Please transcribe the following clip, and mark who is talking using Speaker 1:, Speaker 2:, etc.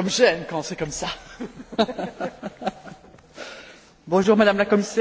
Speaker 1: comme j'aime quand c'est comme ça. bonjour madame la commissaire.